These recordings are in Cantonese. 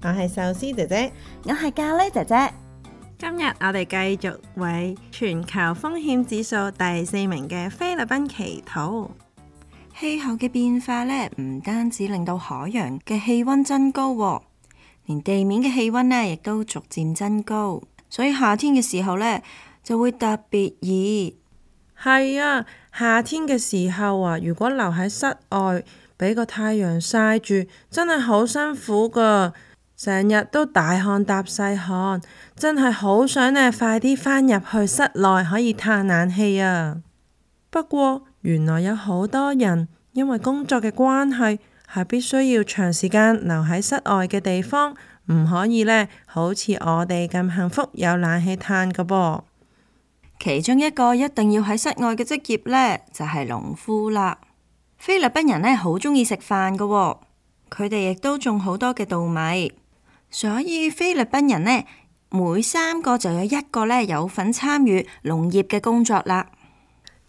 我係壽司姐姐，我係咖喱姐姐。今日我哋繼續為全球風險指數第四名嘅菲律賓祈禱。氣候嘅變化呢，唔單止令到海洋嘅氣溫增高，連地面嘅氣溫呢亦都逐漸增高，所以夏天嘅時候呢就會特別熱。係啊，夏天嘅時候啊，如果留喺室外俾個太陽曬住，真係好辛苦㗎。成日都大汗搭細汗，真係好想呢快啲返入去室內可以嘆冷氣啊！不過原來有好多人因為工作嘅關係係必須要長時間留喺室外嘅地方，唔可以呢，好似我哋咁幸福有冷氣嘆噶噃。其中一個一定要喺室外嘅職業呢，就係農夫啦。菲律賓人呢好鍾意食飯噶，佢哋亦都種好多嘅稻米。所以菲律賓人呢，每三個就有一個呢有份參與農業嘅工作啦。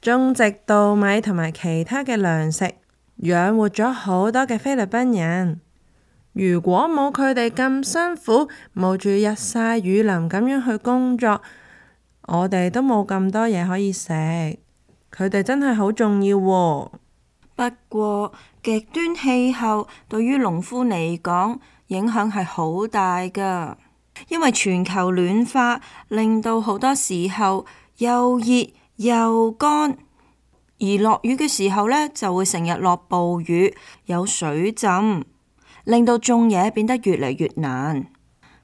種植稻米同埋其他嘅糧食，養活咗好多嘅菲律賓人。如果冇佢哋咁辛苦，冒住日曬雨淋咁樣去工作，我哋都冇咁多嘢可以食。佢哋真係好重要啊。不過極端氣候對於農夫嚟講，影響係好大㗎，因為全球暖化令到好多時候又熱又乾，而落雨嘅時候呢就會成日落暴雨，有水浸，令到種嘢變得越嚟越難，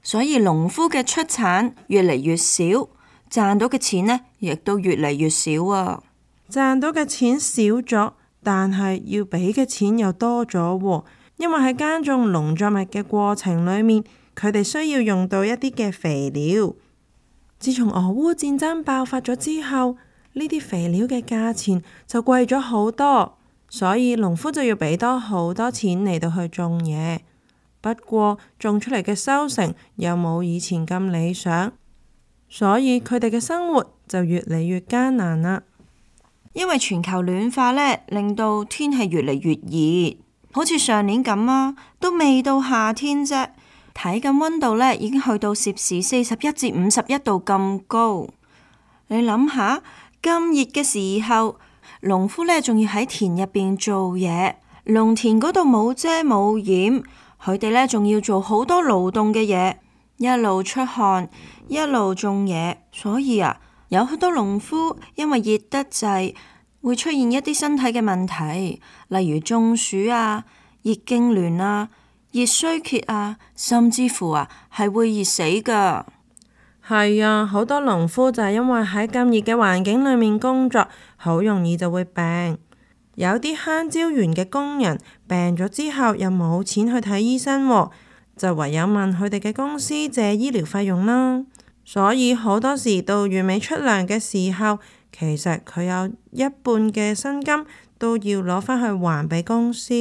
所以農夫嘅出產越嚟越少，賺到嘅錢呢亦都越嚟越少啊。賺到嘅錢少咗，但係要俾嘅錢又多咗喎。因為喺耕種農作物嘅過程裏面，佢哋需要用到一啲嘅肥料。自從俄烏戰爭爆發咗之後，呢啲肥料嘅價錢就貴咗好多，所以農夫就要俾多好多錢嚟到去種嘢。不過種出嚟嘅收成又冇以前咁理想，所以佢哋嘅生活就越嚟越艱難啦。因為全球暖化呢，令到天氣越嚟越熱。好似上年咁啊，都未到夏天啫。睇緊溫度呢，已經去到攝氏四十一至五十一度咁高。你諗下，咁熱嘅時候，農夫呢，仲要喺田入邊做嘢，農田嗰度冇遮冇掩，佢哋呢，仲要做好多勞動嘅嘢，一路出汗，一路種嘢。所以啊，有好多農夫因為熱得滯，會出現一啲身體嘅問題，例如中暑啊、熱痙攣啊、熱衰竭啊，甚至乎啊係會熱死噶。係啊，好多農夫就係因為喺咁熱嘅環境裏面工作，好容易就會病。有啲香蕉園嘅工人病咗之後，又冇錢去睇醫生，啊，就唯有問佢哋嘅公司借醫療費用啦。所以好多時到月尾出糧嘅時候。其實佢有一半嘅薪金都要攞返去還俾公司，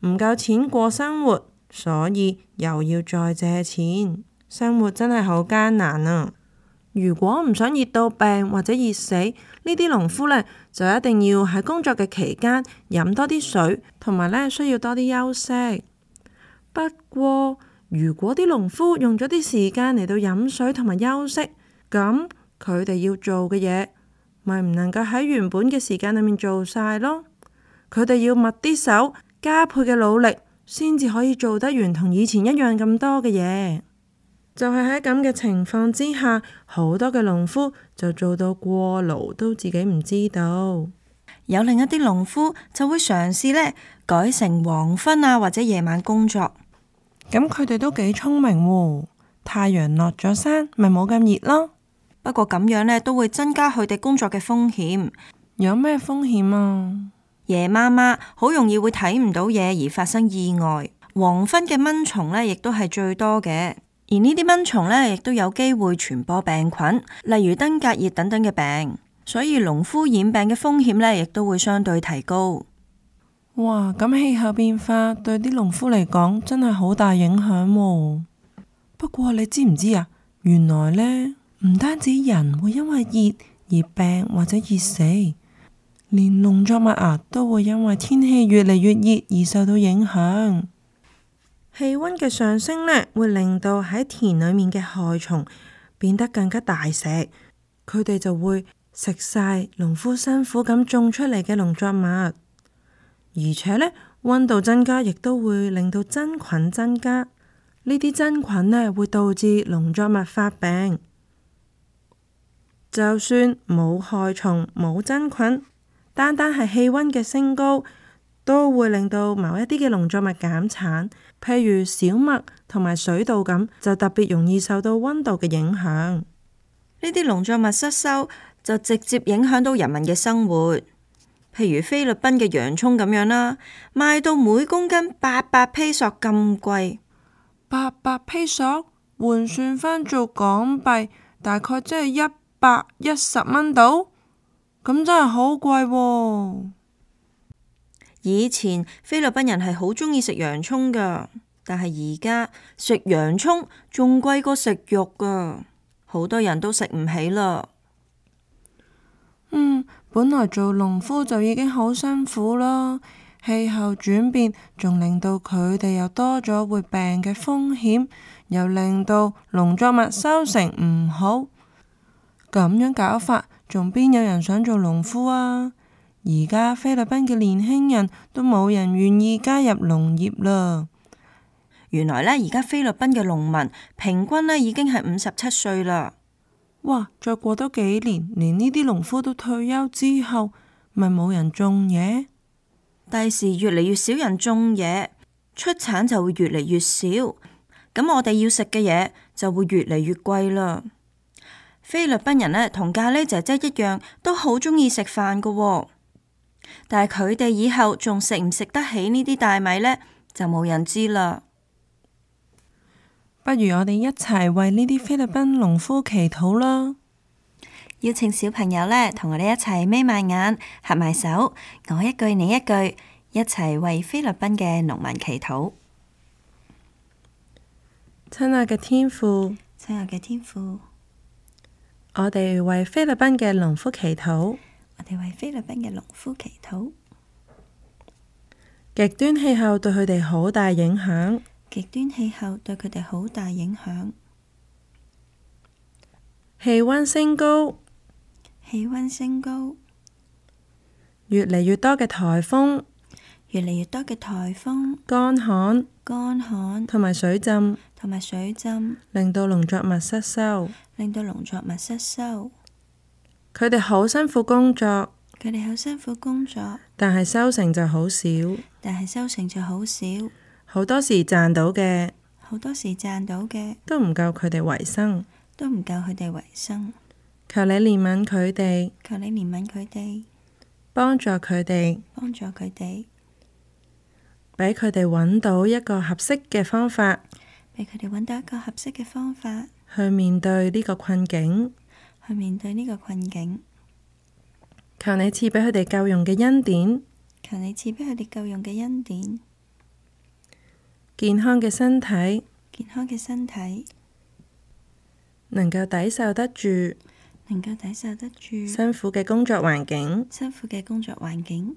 唔夠錢過生活，所以又要再借錢，生活真係好艱難啊！如果唔想熱到病或者熱死，呢啲農夫呢，就一定要喺工作嘅期間飲多啲水，同埋呢需要多啲休息。不過，如果啲農夫用咗啲時間嚟到飲水同埋休息，咁佢哋要做嘅嘢，咪唔能夠喺原本嘅時間裏面做晒咯，佢哋要抹啲手，加倍嘅努力，先至可以做得完同以前一樣咁多嘅嘢。就係喺咁嘅情況之下，好多嘅農夫就做到過勞都自己唔知道。有另一啲農夫就會嘗試呢，改成黃昏啊或者夜晚工作。咁佢哋都幾聰明喎，太陽落咗山咪冇咁熱咯。不過咁樣咧，都會增加佢哋工作嘅風險。有咩風險啊？夜媽媽好容易會睇唔到嘢而發生意外。黃昏嘅蚊蟲呢亦都係最多嘅，而呢啲蚊蟲呢亦都有機會傳播病菌，例如登革熱等等嘅病，所以農夫染病嘅風險呢亦都會相對提高。哇！咁氣候變化對啲農夫嚟講真係好大影響。不過你知唔知啊？原來呢。唔單止人會因為熱而病或者熱死，連農作物啊都會因為天氣越嚟越熱而受到影響。氣溫嘅上升呢，會令到喺田裏面嘅害蟲變得更加大食，佢哋就會食晒農夫辛苦咁種出嚟嘅農作物。而且呢，溫度增加亦都會令到真菌增加。呢啲真菌呢，會導致農作物發病。就算冇害蟲、冇真菌，單單係氣温嘅升高都會令到某一啲嘅農作物減產，譬如小麥同埋水稻咁，就特別容易受到温度嘅影響。呢啲農作物失收就直接影響到人民嘅生活，譬如菲律賓嘅洋葱咁樣啦，賣到每公斤八百披索咁貴，八百披索換算翻做港幣大概即係一。百一十蚊度，咁真係好貴喎。以前菲律賓人係好鍾意食洋蔥噶，但係而家食洋蔥仲貴過食肉噶，好多人都食唔起啦。嗯，本來做農夫就已經好辛苦啦，氣候轉變仲令到佢哋又多咗會病嘅風險，又令到農作物收成唔好。咁樣搞法，仲邊有人想做農夫啊？而家菲律賓嘅年輕人都冇人願意加入農業啦。原來呢，而家菲律賓嘅農民平均呢已經係五十七歲啦。哇！再過多幾年，連呢啲農夫都退休之後，咪冇人種嘢。第時越嚟越少人種嘢，出產就會越嚟越少，咁我哋要食嘅嘢就會越嚟越貴啦。菲律賓人呢，同咖喱姐姐一樣，都好鍾意食飯噶，但係佢哋以後仲食唔食得起呢啲大米呢，就冇人知啦。不如我哋一齊為呢啲菲律賓農夫祈禱啦！邀請小朋友呢，同我哋一齊眯埋眼、合埋手，我一句你一句，一齊為菲律賓嘅農民祈禱。親愛嘅天父，親愛嘅天父。我哋為菲律賓嘅農夫祈禱。我哋為菲律賓嘅農夫祈禱。極端氣候對佢哋好大影響。極端氣候對佢哋好大影響。氣溫升高，氣溫升高，越嚟越多嘅台風。越嚟越多嘅台風、乾旱、乾旱同埋水浸、同埋水浸，令到農作物失收，令到農作物失收。佢哋好辛苦工作，佢哋好辛苦工作，但係收成就好少，但係收成就好少。好多時賺到嘅，好多時賺到嘅，都唔夠佢哋維生，都唔夠佢哋維生。求你憐憫佢哋，求你憐憫佢哋，幫助佢哋，幫助佢哋。俾佢哋揾到一個合適嘅方法，俾佢哋揾到一個合適嘅方法去面對呢個困境，去面對呢個困境。求你賜畀佢哋夠用嘅恩典，求你賜俾佢哋夠用嘅恩典。健康嘅身體，健康嘅身體，能夠抵受得住，能夠抵受得住辛苦嘅工作環境，辛苦嘅工作環境。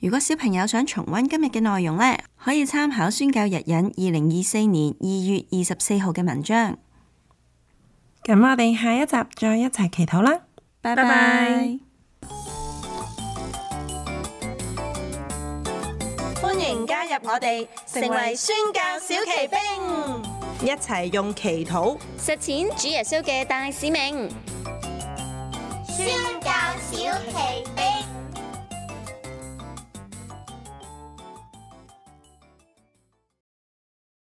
如果小朋友想重溫今日嘅內容呢，可以參考宣教日引二零二四年二月二十四號嘅文章。咁我哋下一集再一齊祈禱啦，拜拜！歡迎加入我哋，成為宣教小騎兵，一齊用祈禱實踐主耶穌嘅大使命。宣教小騎兵。